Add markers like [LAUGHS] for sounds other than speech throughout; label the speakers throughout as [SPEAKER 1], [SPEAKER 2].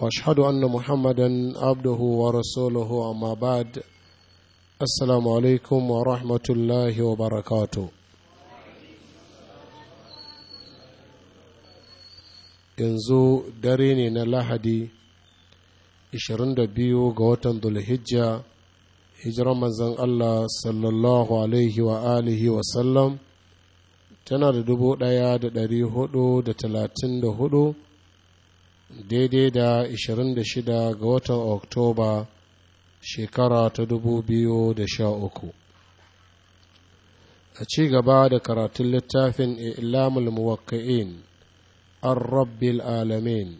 [SPEAKER 1] واشهد ان محمدا عبده ورسوله اما بعد السلام عليكم ورحمه الله وبركاته yanzu dare ne na lahadi 22 ga watan dulhijja hijiran manzan allah sallallahu alaihi wa alihi wa sallam tana da 1434 daidai da 26 ga watan oktoba shekara ta 2013 a ci gaba da karatun littafin ilamul muwakka'in an rabbil alamin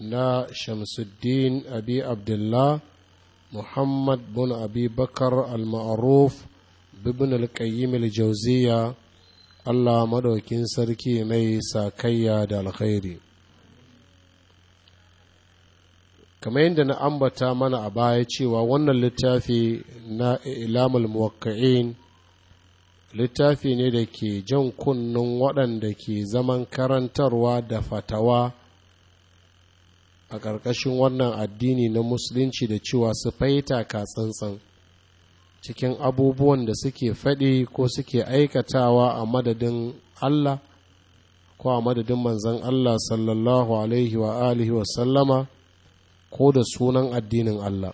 [SPEAKER 1] na shamsuddin abi abdullah muhammad bin abi bakar al-ma'ruf bibin al al-jauziya allah madaukin sarki mai sakayya da alkhairi kamar yadda na ambata mana a baya cewa wannan littafi na ilamul muwakka'in littafi ne da ke jan kunnen waɗanda ke zaman karantarwa da fatawa a ƙarƙashin wannan addini na musulunci da cewa su faita ka tsantsan cikin abubuwan da suke faɗi ko suke aikatawa a madadin Allah ko a madadin manzan Allah sallallahu alaihi wa alihi wa sallama ko da sunan addinin Allah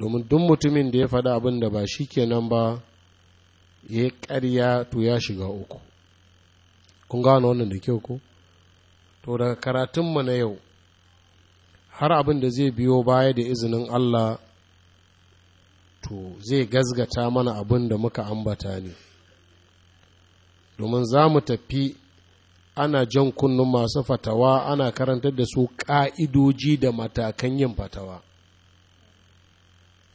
[SPEAKER 1] domin duk mutumin da ya faɗi abin da ba shi kenan ba ya yi ƙarya to ya shiga uku kun gano wannan da kyau ko to daga karatunmu na yau har abin da zai biyo baya da izinin Allah to zai gazgata mana abin da muka ambata ne domin za mu tafi ana jan kunnun masu fatawa ana karantar da su ƙa'idoji da matakan yin fatawa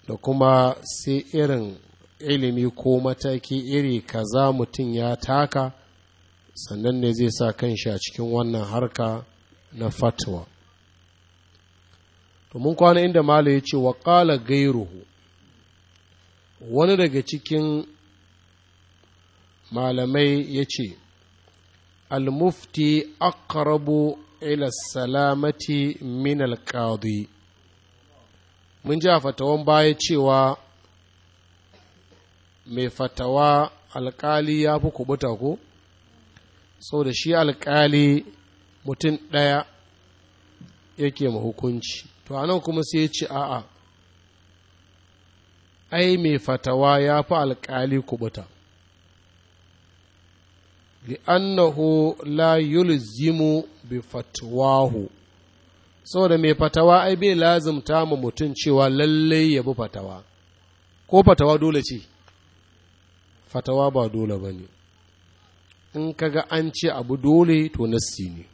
[SPEAKER 1] da kuma sai irin ilimi ko mataki iri kaza mutum ya taka sannan ne zai sa kanshi a cikin wannan harka na fatawa domin kwana inda mala ya ce wa ƙala gairuhu wani daga cikin malamai ya ce almufti mufti aqrabu ila salamati min al mun ji a fatawan baya cewa mai fatawa alkali ya fi kubuta ko sau da shi alkali mutum ɗaya yake ma hukunci to anan kuma sai ya ce a'a ai mai fatawa ya fi alkali kubuta li'annahu la yulzimu bi fatwahu saboda mai fatawa ai bai lazimta mu mutum cewa lallai ya bi fatawa ko fatawa dole ce fatawa ba dole ba ne in kaga an ce abu dole to nassi ne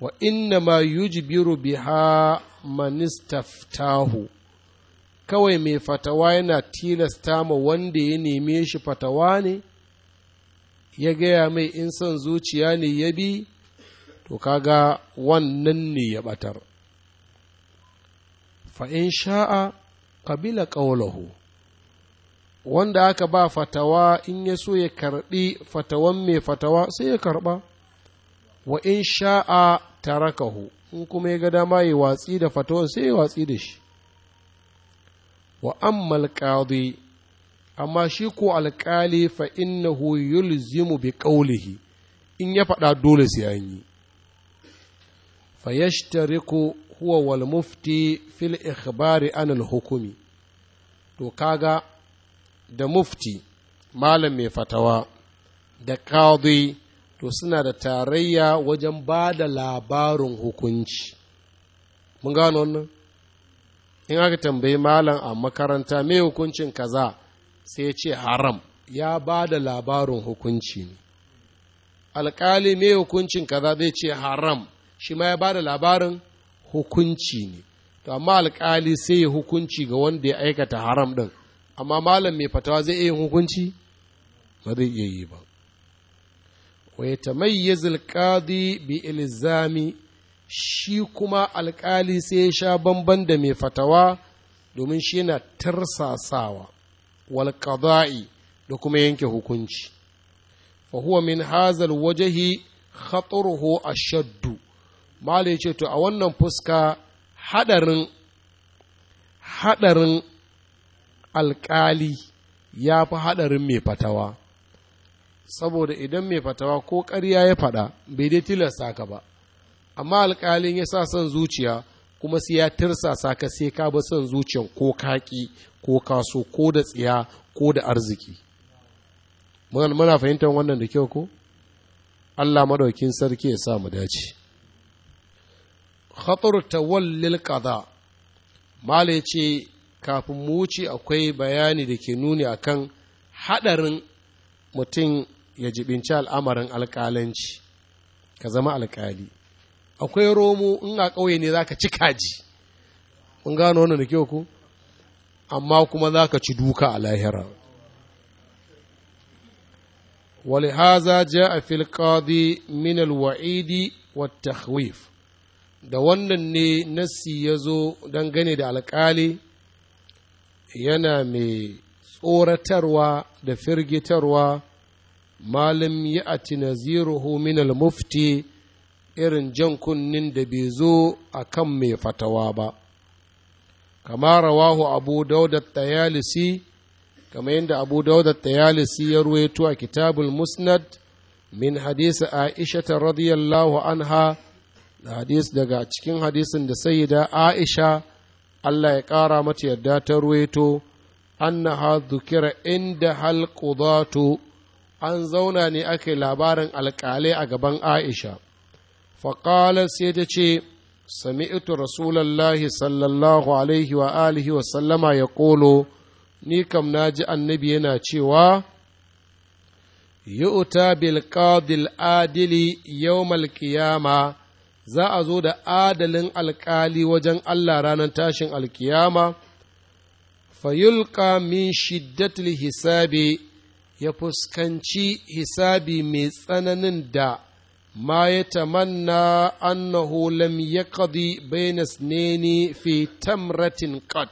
[SPEAKER 1] wa inna ma yujbiru biha manistaftahu kawai mai fatawa yana tilasta ma wanda ya neme shi fatawa ne ya gaya mai in son zuciya ne ya bi to kaga wannan ne ya batar fa'in sha'a kabila ƙaulahu wanda aka ba fatawa in ya so ya karɓi fatawan mai fatawa sai ya karɓa wa in sha'a tarakahu in kuma ya ga dama ya watsi da fatawan sai ya watsi da shi wa ammal amma shi ko alƙali fa innahu yulzimu bi qawlihi in ya faɗa dole sai an yi fa yashtariku huwa wal mufti fil ikhbari an al hukumi to kaga da mufti malam mai fatawa da qadi to suna da tarayya wajen bada labarin hukunci mun gano wannan in aka tambayi malam a makaranta me hukuncin kaza sai ce haram ya ba da labarin hukunci ne alƙali mai hukuncin kaza zai ce haram shi ma ya ba da labarin hukunci ne to amma alƙali sai ya hukunci ga wanda ya aikata haram ɗin amma malam mai fatawa zai iya hukunci ba zai iya yi ba wa ya tamayyaza alƙadi bi ilzami shi kuma alƙali sai ya sha bamban da mai fatawa domin shi yana tarsasawa wal da kuma yanke hukunci fa huwa min hazal wajhi khataruhu ashaddu mala yace to a wannan fuska hadarin hadarin alƙali ya fi hadarin mai fatawa saboda idan mai fatawa ko ƙarya ya faɗa bai dai tilasta ka ba amma alƙalin ya sa son zuciya kuma sai ya tirsasa ka sai ka ba son zuciyar ko kaki ko kaso ko da tsiya ko da arziki muna fahimtar wannan da kyau ko Allah madaukin sarki ya sa mu dace khatar tawallil qada mala kafin mu wuce akwai bayani da ke nuni akan hadarin mutum ya jibinci al'amarin alkalanci ka zama alƙali akwai romo in a ƙauye ne za ka ci kaji Kun gano wannan da ke ku amma kuma za ka ci duka a lahira ولهذا a في minal wa'idi wa والتخويف da wannan ne nassi ya zo dangane da alkali yana mai tsoratarwa da firgitarwa malam ya ati naziruhu mufti irin jan kunnin da bai zo a kan mai fatawa ba kama rawahu abu dauda tayalisi kama yadda abu dauda tayalisi ya ruwaito a kitabul musnad min hadisi aisha ta radiyallahu anha da hadis daga cikin hadisin da sayida aisha Allah ya kara mata yadda ta ruwaito annaha zukira inda halqudatu an zauna ne ake labarin alƙalai a gaban aisha faƙala sai ta ce sami'tu rasulallahi sallallahu alaihi wa wa sallama ya ƙolo ni kam na ji annabi yana cewa yi'uta bil qadil adili yawmal qiyama za a zo da adalin alƙali wajen Allah ranar tashin alkiyama fayulka min shiddatil hisabi ya fuskanci hisabi mai tsananin da ma ya tamanna annahu lam yaqdi bayna sunaini fi tamratin qat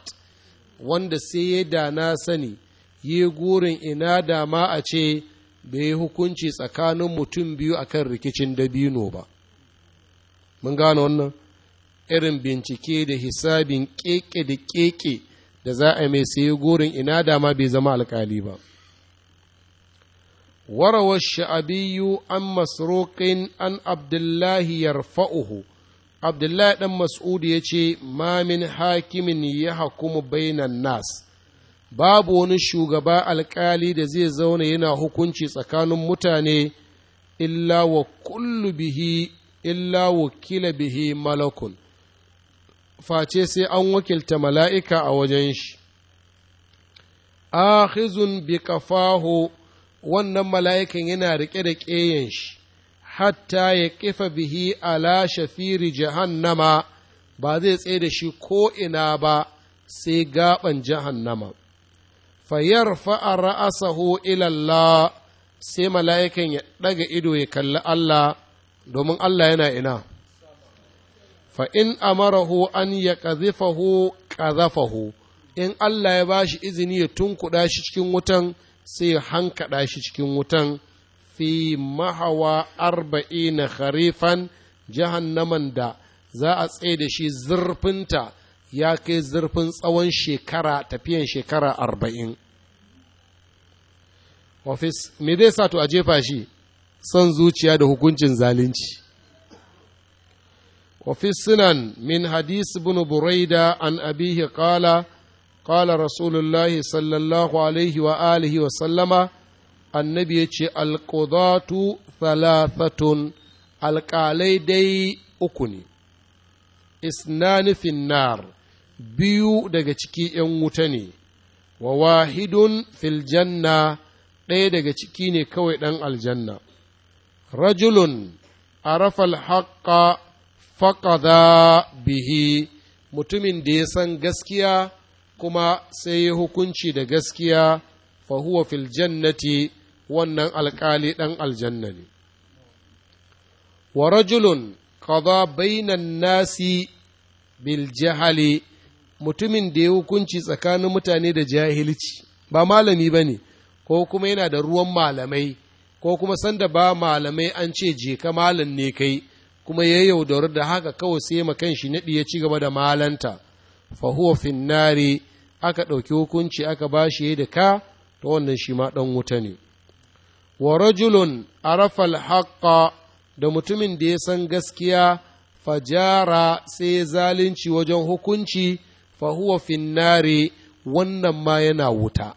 [SPEAKER 1] wanda sai ya da na sani yi gurin ina da ma a ce bai hukunci tsakanin mutum biyu akan rikicin dabino ba mun gano wannan irin bincike da hisabin keke da keke da za a mai sai gurin ina da ma bai zama alkali ba وروى الشعبي عن مسروق عن عبد الله يرفعه عبد الله بن مسعود يجي ما من حاكم يحكم بين الناس babu wani shugaba alkali da zai zauna yana hukunci tsakanin mutane illa wa kullu bihi illa wakila bihi malakun face sai an wakilta mala'ika a wajen shi akhizun bi kafahu wannan mala'ikan yana riƙe da ƙeyen shi, hatta ya ƙifa bihi ala shafiri jahannama ba zai tsaye da shi ko'ina ba sai gaɓan jahannama. Fayar fa'a ra'asahu ilalla, sai mala'ikan ya ɗaga ido ya kalli Allah, domin Allah yana ina. Fa'in amarahu an ya ƙazifahu ƙazafahu, in Allah ya ba shi izini ya tunkuɗa shi cikin wutan sai ya hankaɗa shi cikin wutan fi mahawa arba'ina kharifan jahannaman da za a tsaye da shi zurfinta ya kai zurfin tsawon shekara tafiyan shekara arba'in ofis me zai sa to a jefa shi son zuciya da hukuncin zalunci وفي السنن من حديث بن بريدة عن أبيه قال ƙala rasulullahi sallallahu alaihi wa alihi wa sallama annabi ya ce alƙudatu thalathatun alƙalai dai uku ne isnani finnar biyu daga ciki ‘yan wuta ne wa wahidun filjanna ɗaya daga ciki ne kawai ɗan aljanna rajulun arafal haƙa faƙada bihi mutumin da ya san gaskiya kuma sai ya hukunci da gaskiya fa huwa fil jannati wannan alƙali ɗan aljanna ne wa rajulun kaza bainan nasi bil jahali mutumin da ya hukunci tsakanin mutane da jahilci ba malami ba ne ko kuma yana da ruwan malamai ko kuma sanda ba malamai an ce je ka malam ne kai kuma ya yaudaru da haka kawai sai makan shi naɗi ya ci gaba da malanta fa huwa aka ɗauki hukunci aka ba shi da ka ta wannan shi ma ɗan wuta ne wa rajulun arafal haqqa da mutumin da ya san gaskiya fajara sai zalunci wajen hukunci fa huwa wannan ma yana wuta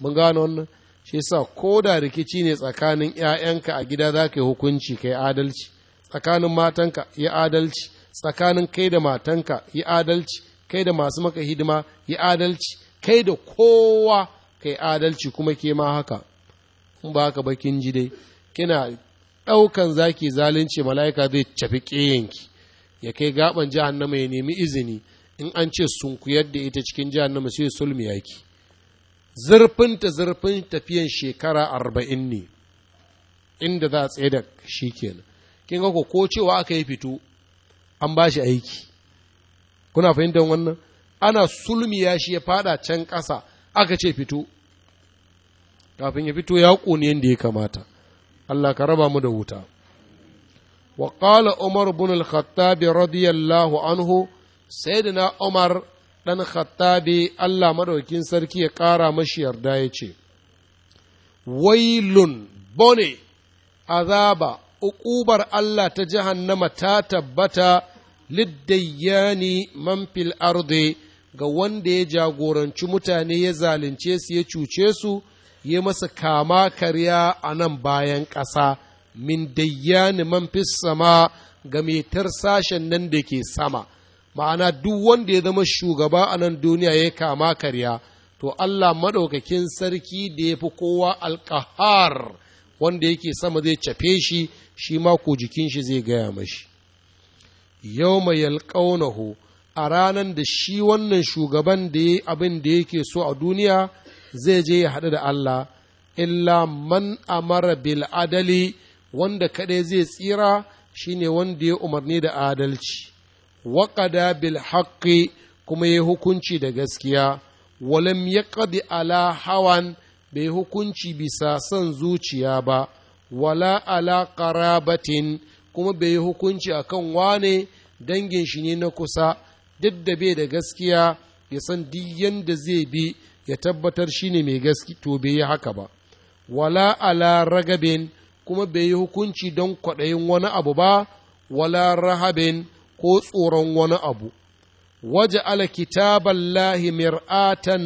[SPEAKER 1] mun gano wannan shi sa ko da rikici ne tsakanin ‘ya'yanka a gida za ka yi hukunci ka yi adalci tsakanin matanka ya adalci tsakanin kai da matanka yi adalci kai da masu maka hidima yi adalci kai da kowa kai adalci kuma ke ma haka in ba haka ba ji dai kina ɗaukan zaki zalunci mala'ika zai cafi ƙeyanki ya kai gaban jahannama ya nemi izini in an ce sun sunkuyar da ita cikin jahannama sai sulmi yaki zurfinta zurfin tafiyan shekara arba'in ne inda za a tsaye da shi kenan kin ga ko cewa aka yi fito an ba shi aiki kuna fahimtar wannan ana sulmi ya shi ya fada can ƙasa aka ce fito kafin ya fito ya ƙone yadda ya kamata Allah ka raba mu da wuta wa umar bin al khattabi radiyallahu anhu na umar dan khattabi Allah madaukin sarki ya ƙara mashi yarda ya ce wailun bone azaba uƙubar Allah ta jahannama ta tabbata liddayyani man fil ardi ga wanda ya jagoranci mutane ya zalunce su ya cuce su ya masa kama karya a nan bayan ƙasa min dayyani man fis sama ga metar sashen nan da ke sama ma'ana duk wanda ya zama shugaba a nan duniya ya kama karya to Allah maɗaukakin sarki da ya fi kowa alƙahar wanda yake sama zai cafe shi shi ma ko jikin shi zai gaya mashi yau mai yalƙaunahu a ranar da shi wannan shugaban da ya abin da yake so a duniya zai je ya haɗu da Allah illa man amara bil adali wanda kaɗai zai tsira shi ne wanda ya umarni da adalci waƙada bil kuma ya hukunci da gaskiya walam ya ala hawan bai hukunci bisa son zuciya ba wala ala ƙarabatin kuma bai yi hukunci a kan wane dangin shi ne na kusa duk da bai da gaskiya ya san duk yadda zai bi ya tabbatar shi ne mai gaski to bai yi haka ba wala ala ragabin kuma bai yi hukunci don kwaɗayin wani abu ba wala rahabin ko tsoron wani abu waje ala kitaballahi mir'atan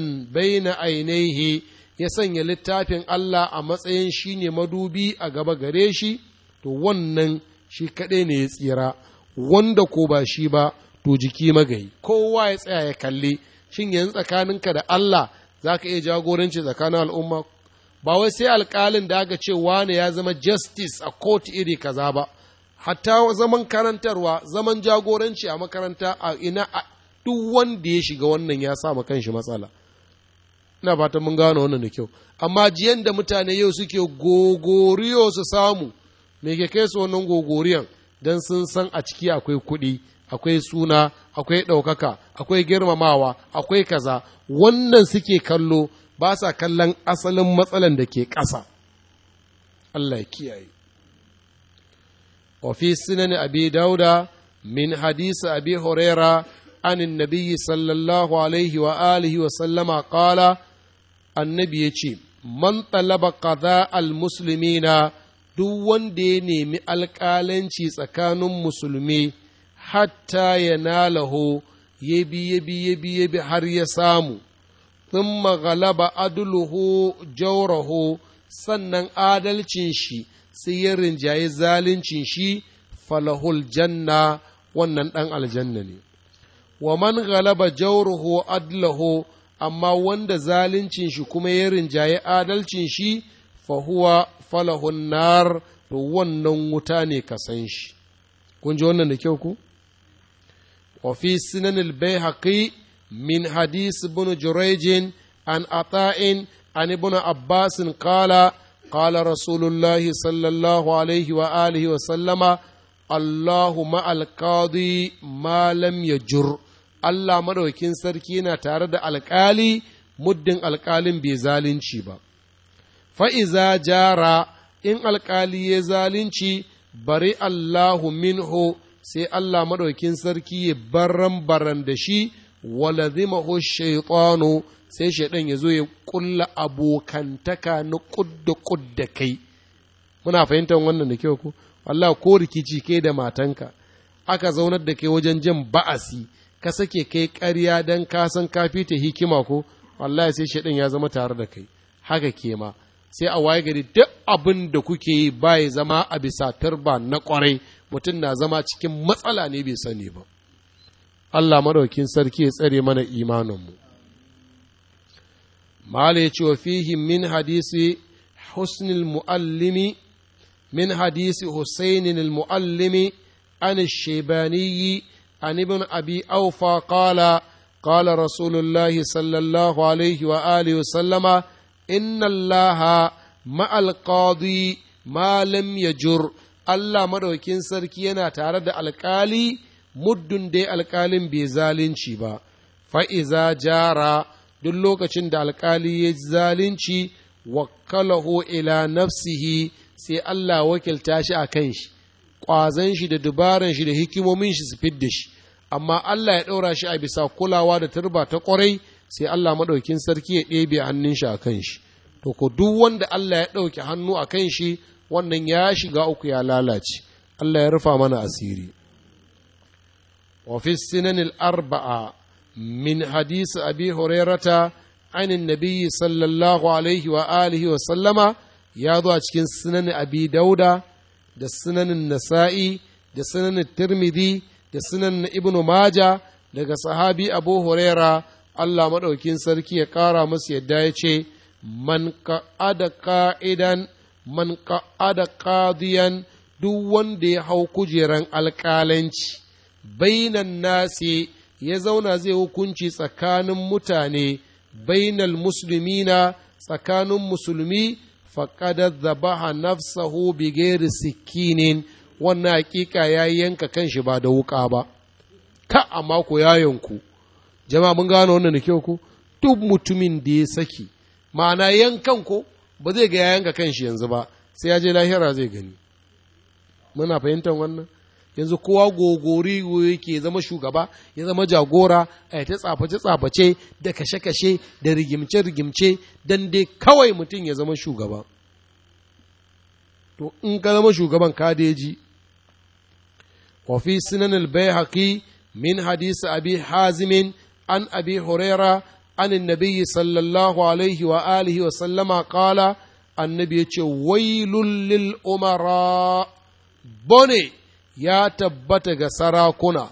[SPEAKER 1] na ainihi ya sanya littafin Allah a matsayin shi ne madubi a gaba gare shi to wannan shi kaɗai ne ya tsira wanda ko ba shi ba to jiki magayi kowa ya tsaya ya kalli shin yanzu tsakaninka da Allah za ka iya jagoranci tsakanin al'umma ba wai sai alƙalin da aka ce wane ya zama justice a kotu iri kaza ba hatta zaman karantarwa zaman jagoranci a makaranta a ina a duk wanda ya shiga wannan ya sa shi matsala ina fatan mun gano wannan da kyau amma jiyan da mutane yau suke gogoriyo su samu me ke kai su wannan gogoriyan don sun san a ciki akwai kuɗi akwai suna akwai ɗaukaka akwai girmamawa akwai kaza wannan suke kallo ba sa kallon asalin matsalan da ke ƙasa allah ya kiyaye Ofisina sunan abi dauda min hadisi abi huraira an nabiyyi sallallahu alaihi wa alihi wa sallama qala annabi yace man talaba kaza al na. duk wanda ya nemi alƙalanci tsakanin musulmi hatta ya nalaho ya bi ya bi har ya samu sun maghalaba adulhu jauraho sannan adalcin shi sai ya rinjaye zalincin shi falahul janna wannan ɗan aljanna ne wa man galaba jawruhu adlahu amma wanda zalincin shi kuma ya rinjaye adalcin shi fa huwa falahun nar to wannan wuta ne ka san shi kun ji wannan da kyau ku wa fi sinan min hadis ibn jurayj an ata'in an ibn abbasin kala, kala rasulullahi sallallahu alaihi wa alihi wa sallama allahu ma malam ya jur. Allah madaukin sarki yana tare da alƙali muddin alƙalin bai zalunci ba fa'iza jara in alkali ya zalunci bari Allahu minhu sai Allah maɗaukin sarki ya baran baran da shi wala ho sai shaidan ya zo ya ƙulla abokantaka na ƙudda ƙudda kai muna fahimtar wannan da kyau ko Allah ko rikici kai da matanka aka zaunar da kai wajen jin ba'asi ka sake kai ƙarya don ka san kafi ta hikima ko Allah sai shaidan ya zama tare da kai haka ke ma sai a waye gari duk abin da kuke yi ba ya zama a bisa turba na kwarai mutum na zama cikin matsala ne bai sani ba Allah maɗaukin sarki ya tsare mana imaninmu mala ya ce wa fihi min hadisi husnil muallimi min hadisi husainin muallimi an shebaniyi an ibn abi aufa qala qala rasulullahi sallallahu alaihi wa alihi wa sallama inna allaha ma'al malam ya jur Allah madaukin sarki yana tare da alkali muddin dai alkalin bai zalunci ba fa'iza jara duk lokacin da alkali ya zalunci wakkalahu ila nafsihi sai Allah wakilta shi a kan shi ƙwazon shi da dubaran shi da hikimomin shi su fidda shi amma Allah ya ɗaura shi a bisa kulawa da turba ta ƙwarai sai Allah maɗaukin sarki ya ɗebe hannun shi a kan shi to ko duk wanda Allah ya ɗauki hannu a kan shi wannan ya shiga uku ya lalace Allah ya rufa mana asiri wa fi sinanil arba'a min hadisi abi hurairata sallallahu alaihi wa alihi wa sallama ya zo a cikin سنن abi dauda da sunan nasa'i da sunanin tirmidhi da sunan ibnu maja daga sahabi abu huraira Allah maɗaukin sarki ya ƙara masu yadda ya ce, Man ka'ada ka'idan, man ka'ada ƙadiyan, duk wanda ya hau kujeran alƙalanci, bainan nasi ya zauna zai hukunci tsakanin mutane, bainal musulmina tsakanin musulmi, faƙadar zabaha nafsahu bigeri sikinin, wannan haƙiƙa ya yanka kanshi ba da wuƙa ba, ka a yayanku. ya jama'a mun gano wannan da kyau ko duk mutumin da ya saki ma'ana yankan ko ba zai ga kan shi yanzu ba sai ya je lahira zai gani muna fahimtar wannan yanzu kowa gogori yake zama shugaba ya zama jagora a ta tsaface tsaface da kashe kashe da rigimce rigimce dan dai kawai mutum ya zama shugaba to in ka zama shugaban kadeji wa fi sunan al bayhaqi min hadisi abi hazimin an abi huraira an annabi sallallahu alaihi wa wa sallama qala annabi yace wailul lil umara bone ya tabbata ga sarakuna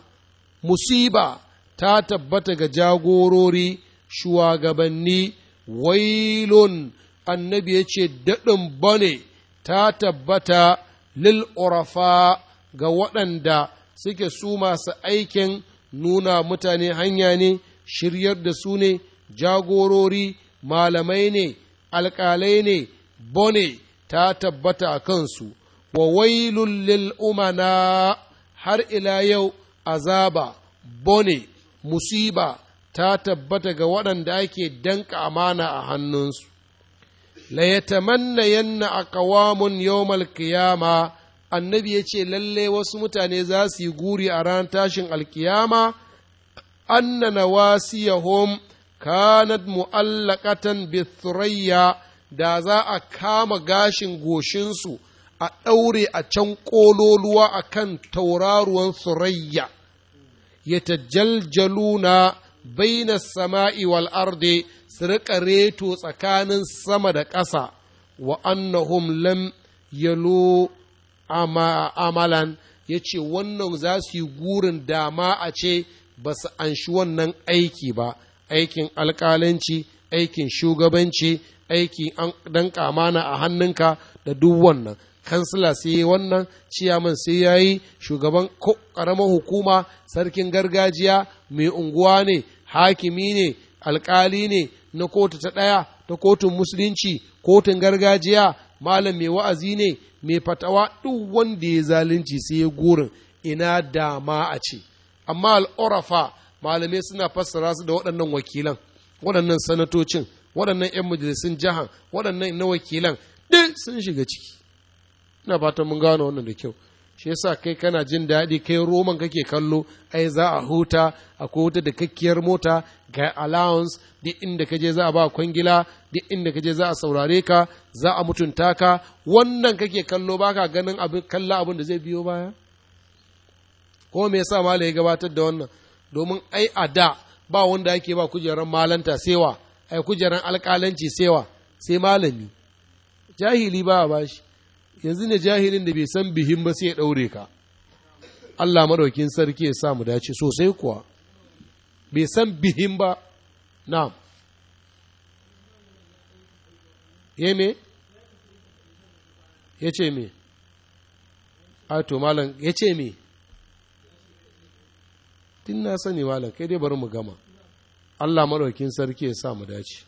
[SPEAKER 1] musiba ta tabbata ga jagorori shugabanni wailun annabi yace daɗin bane ta tabbata lil urafa ga waɗanda suke su masu aikin nuna mutane hanya ne shiryar da su ne jagorori malamai ne alƙalai ne bone ta tabbata a kansu wa wailun lil umana har ila yau azaba bone musiba ta tabbata ga waɗanda ake danka amana a hannunsu la yatamanna yanna aqwamun yawmal qiyamah annabi ya ce lalle wasu mutane za su yi guri a ran tashin alkiyama anna nawasiyahum kanat mu'allaqatan bithurayya da za a kama gashin goshinsu a ɗaure a can ƙololuwa a kan tauraruwan surayya ya tajaljaluna baina sama'i wal arde su riƙa reto tsakanin sama da ƙasa wa annahum lam yalo amalan ya ce wannan za su yi gurin dama a ce ba su anshi wannan aiki ba aikin alkalanci aikin shugabanci aiki dan kamana a hannunka da duk wannan kansila sai yi wannan ciyaman sai ya yi shugaban ƙaramar hukuma sarkin gargajiya mai unguwa ne hakimi ne alkali ne na kotu ta ɗaya ta kotun musulunci kotun gargajiya malam mai wa'azi ne mai fatawa duk wanda ya zalunci sai ya gurin ina dama a ce amma al'urafa malamai suna fassara su da waɗannan wakilan waɗannan sanatocin waɗannan 'yan majalisun jihar waɗannan na wakilan duk sun shiga ciki ina fatan mun gano wannan da kyau shi yasa kai kana jin daɗi kai roman kake kallo ai za a huta a kota da kakkiyar mota ga allowance duk inda kaje za a ba kwangila duk inda kaje za a saurare ka za a mutunta ka wannan kake kallo baka ganin abin kalla abin da zai biyo baya ko me yasa malai ya gabatar da wannan domin ai a da ba wanda yake ba kujeran malanta sewa ai kujeran alƙalanci sewa sai malami jahili ba a bashi yanzu ne jahilin da bai san bihin ba sai ya ɗaure ka Allah maɗaukin sarki ya sa mu dace sosai kuwa bai san bihin ba na ya me ya ce me a to malam ya ce me tun na sani malam kai dai bari mu gama Allah maɗaukin sarki ya sa mu dace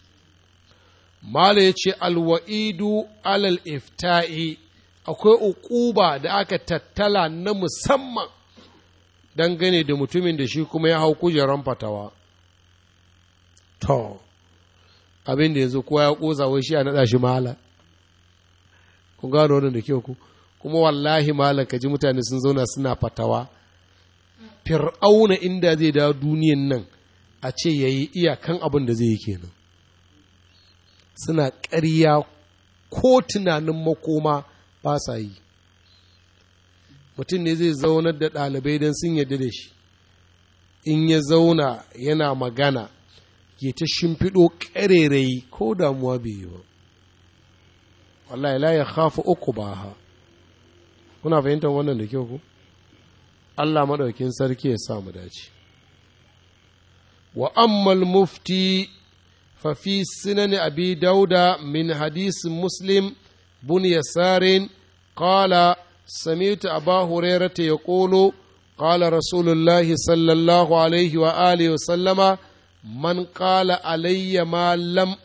[SPEAKER 1] Mala ya ce alwa'idu alal ifta'i akwai uquba da aka tattala na musamman dangane da mutumin da shi kuma ya hau kujerar fatawa to abin da yanzu kowa ya ƙosa wai shi a naɗa shi mahala kun gano wannan da kyau kuma wallahi malam ka ji mutane sun zauna suna fatawa fir'auna inda zai da duniyan nan a ce ya yi iyakan abin da zai yi kenan suna ƙarya ko tunanin makoma fasa yi mutum ne zai zaunar da ɗalibai don sun yadda da shi in ya zauna yana magana ya ta shimfiɗo ƙarerayi ko damuwa bai yi ba wallahi la ya khafu uku ba ha kuna fahimtar wannan da kyau ku Allah maɗaukin sarki ya samu dace wa ammal mufti fa fi abi dauda min hadis muslim bun yasarin قال سمعت أبا هريرة يقول قال رسول الله صلى الله عليه وآله وسلم man ƙala alayya ma lam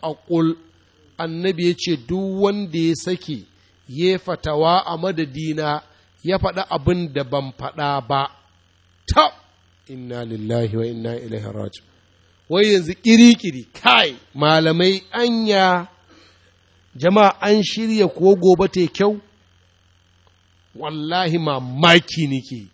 [SPEAKER 1] annabi ya ce duk wanda ya sake ya fatawa a madadina ya faɗa abin da ban faɗa ba ta inna lillahi wa inna ilaihi raji wai yanzu kirikiri kai malamai anya jama'a an shirya ko gobe ta kyau wallahi mamaki nike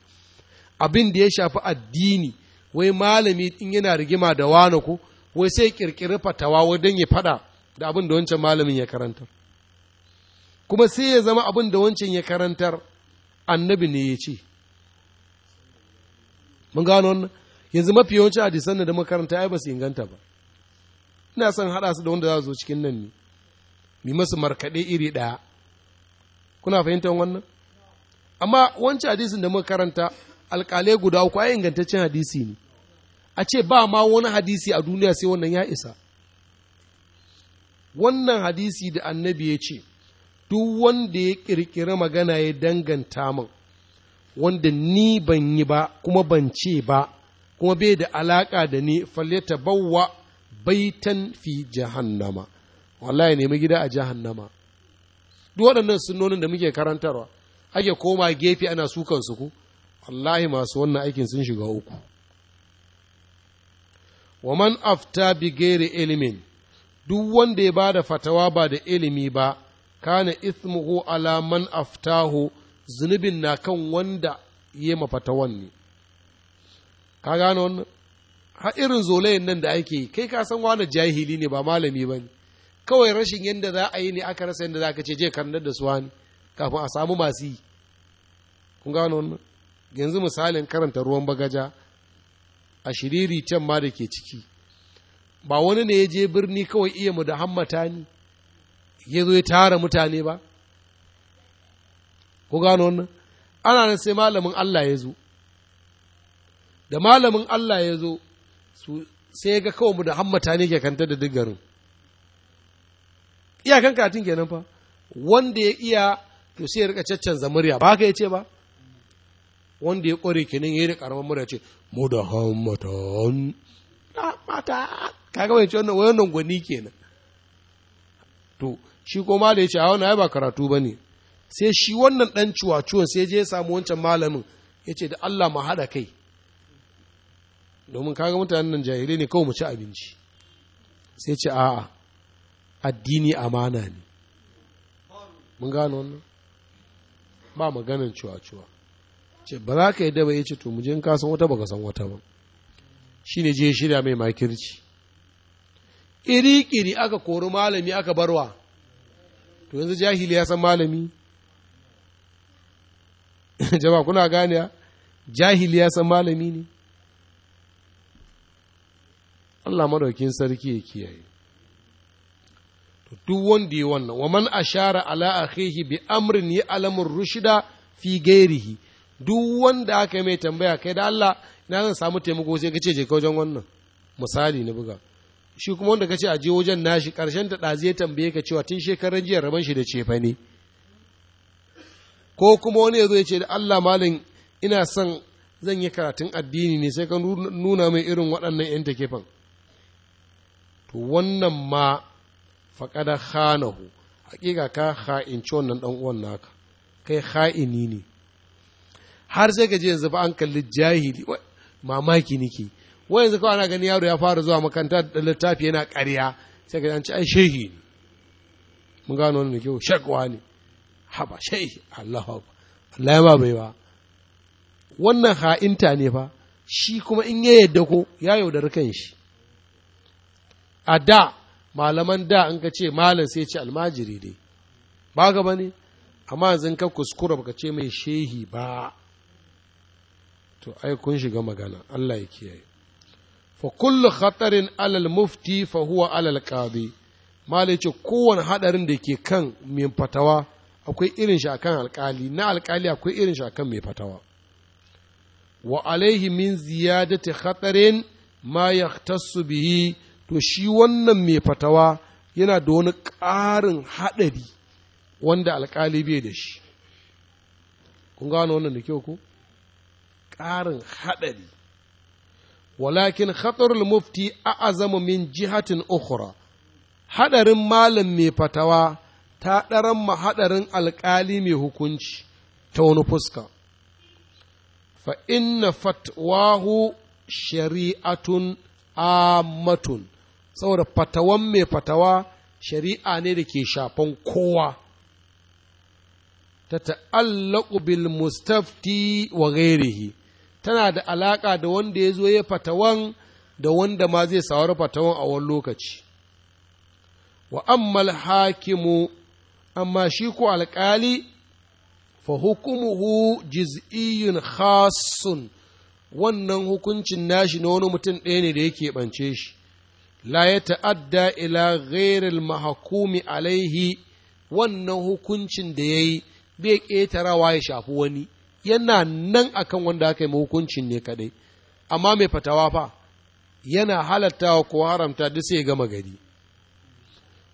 [SPEAKER 1] abin da ya shafi addini wai malami in yana rigima da wani ko wai sai kirkiri fatawa don ya fada da abin da wancan malamin ya karantar kuma sai ya zama abin da wancan ya karantar annabi ne ya ce mun gano wannan yanzu mafi yawancin hadisan da makaranta ai ba su inganta ba ina son haɗa su da wanda za su zo cikin nan ne mi masu markaɗe iri ɗaya kuna fahimtar wannan amma wancan hadisin da muka karanta alƙalai guda uku ai ingantaccen hadisi ne a ce ba ma wani hadisi a duniya sai wannan ya isa wannan hadisi da annabi ya ce duk wanda ya ƙirƙiri magana ya danganta min wanda ni ban yi ba kuma ban ce ba kuma bai da alaƙa da ni falleta bawa baitan fi jahannama wallahi nemi gida a jahannama duk waɗannan sunonin da muke karantarwa ake koma gefe ana sukan su ku wallahi masu wannan aikin sun shiga uku wa man afta bi gairi ilimin duk wanda ya bada fatawa ba da ilimi ba kana ismuhu ala man aftahu zunubin na kan wanda ya ma fatawan ne ka gano wannan ha irin zolayen nan da ake yi kai ka san wani jahili ne ba malami ba ne kawai rashin yadda za a yi ne aka rasa yadda za ka ce je karnar da su wani kafin a samu masu yi kun gano wannan yanzu misalin karanta ruwan bagaja a shiriri can ma da ke ciki ba wani ne ya je birni kawai iya mu da hammata ni ya zo ya tara mutane ba ku gano wannan ana nan sai malamin Allah ya zo da malamin Allah ya zo sai ya ga kawai mu da hammata ne ke kanta da duk garin iyakan katin kenan fa wanda ya iya to sai ya rika zamuriya ba haka ya ce ba wanda ya kware kenan yayi da karamar mura ce mu da na mata kaga bai ce wannan nan gwani kenan to shi ko da ya ce a ah, wannan ba karatu ba ne. sai shi wannan dan ciwaciwon sai je ya samu wancan malamin ya ce da Allah mu hada kai domin kaga mutanen nan jahili ne kawai mu ci abinci sai ce a'a addini amana ne mun gano wannan ba maganin ciwaciwa ce ba za ka yi daba ya ce to muje ka san wata baka san wata ba shi ne je shirya mai makirci ƙiri-ƙiri aka kori malami aka barwa to yanzu jahili ya san malami [LAUGHS] jama kuna gane jahili ya san malami ne Allah madaukin sarki ya kiyaye to duk wanda ya wannan wa man ashara ala akhihi bi amrin ya alamun rushida fi gairihi duk wanda aka yi mai tambaya kai da Allah na zan samu taimako sai ka ce je wajen wannan misali na buga shi kuma wanda ka ce a je wajen nashi karshen ta ɗazi ya tambaye ka cewa tun shekarar jiya raban shi da cefa ne ko kuma wani ya zo ya ce da Allah malin ina son zan yi karatun addini ne sai ka nuna mai irin waɗannan 'yan takefan to wannan ma faƙada hanahu hakika ka ha'inci wannan ɗan uwan naka kai ha'ini ne har sai ka je yanzu fa an kalli jahili mamaki nake wai yanzu kawai ana gani yaro ya fara zuwa makaranta da littafi yana ƙarya sai ka ci ai shehi ne mun gano wannan kyau shakwa ne haba shehi Allahu Allah ya ba bai ba wannan ha'inta ne fa shi kuma in ya yadda ko ya yaudari kan shi a da malaman da an ka ce malam sai ce almajiri dai ba ga bane amma yanzu ka kuskura baka ce mai shehi ba to ai kun shiga magana Allah ya kiyaye fa kullu khatarin alal mufti fa huwa alal qadi mala ce kowane hadarin da yake kan mai fatawa akwai irin shi akan alkali na alkali akwai irin shi akan mai fatawa wa alaihi min ziyadati khatarin ma yahtassu bihi to shi wannan mai fatawa yana da wani ƙarin haɗari wanda alƙali bai da shi kun gano wannan da kyau ko ƙarin haɗari walakin khatarul mufti a azama min jihatin ukhra haɗarin malam mai fatawa ta ɗaran ma haɗarin alƙali mai hukunci ta wani fuska fa inna fatwahu shari'atun amatun saboda fatawan mai fatawa shari'a ne da ke shafan kowa ta ta'allaku bil mustafti wa gairihi. tana da alaƙa da wanda ya zo ya fatawan da wanda ma zai sawar fatawan a wani lokaci wa ammal hakimu amma shi ko alƙali fa hukumuhu jiz'iyyun khassun wannan hukuncin nashi na wani mutum ɗaya ne da yake ɓance shi la ya ta'adda ila ghairil mahakumi alaihi wannan hukuncin da ya yi bai ƙetarawa ya shafi wani yana nan akan wanda aka yi hukuncin ne kadai amma mai fatawa fa yana wa ko haramta duk sai gama gari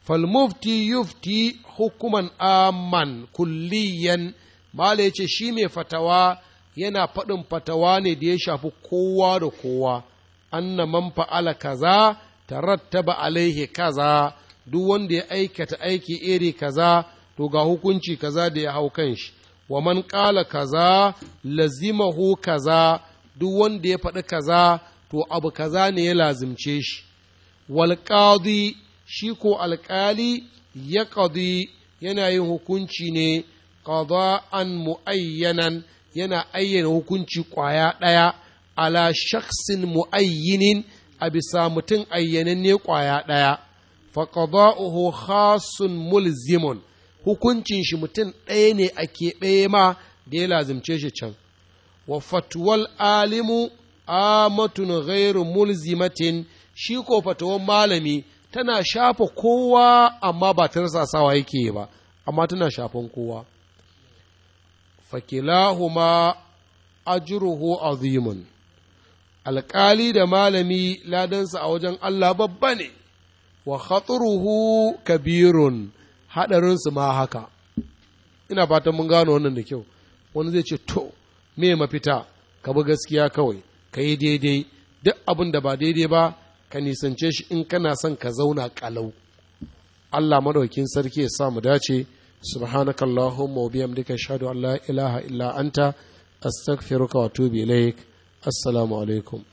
[SPEAKER 1] falmufti yufti hukuman aman kulliyan mala yace shi mai fatawa yana faɗin fatawa ne da ya shafi kowa da kowa anna man fa'ala kaza tarattaba alaihi kaza duk wanda ya aikata aiki iri kaza to ga hukunci kaza da ya hau kan shi. wa man ƙala kaza lazimahu kaza duk wanda ya faɗi kaza to abu kaza ne ya lazimce shi wal shi ko alƙali ya ƙadi yana yin hukunci ne an mu'ayyanan yana ayyana hukunci ƙwaya ɗaya ala shaksin mu'ayyinin a bisa mutum ayyanan ne ƙwaya ɗaya fa qada'uhu khasun mulzimun hukuncin shi mutum ɗaya ne a keɓe ma da ya lazimce shi can wa fatuwal alimu amatun ghairu mulzimatin shi ko fatuwan malami tana shafa kowa amma ba ta rasa sawa yake ba amma tana shafan kowa fakilahuma ajruhu azimun alƙali da malami ladansa a wajen Allah babba ne wa khaturuhu kabirun haɗarinsu ma haka ina fatan mun gano wannan da kyau wani zai ce to me mafita ka bi gaskiya kawai ka yi daidai duk abin da ba daidai ba ka nisance shi in kana son ka zauna kalau Allah maɗaukin sarki ya sa mu dace subhanakallahumma wa bihamdika ashhadu an la ilaha illa anta wa atubu ilaik assalamu alaikum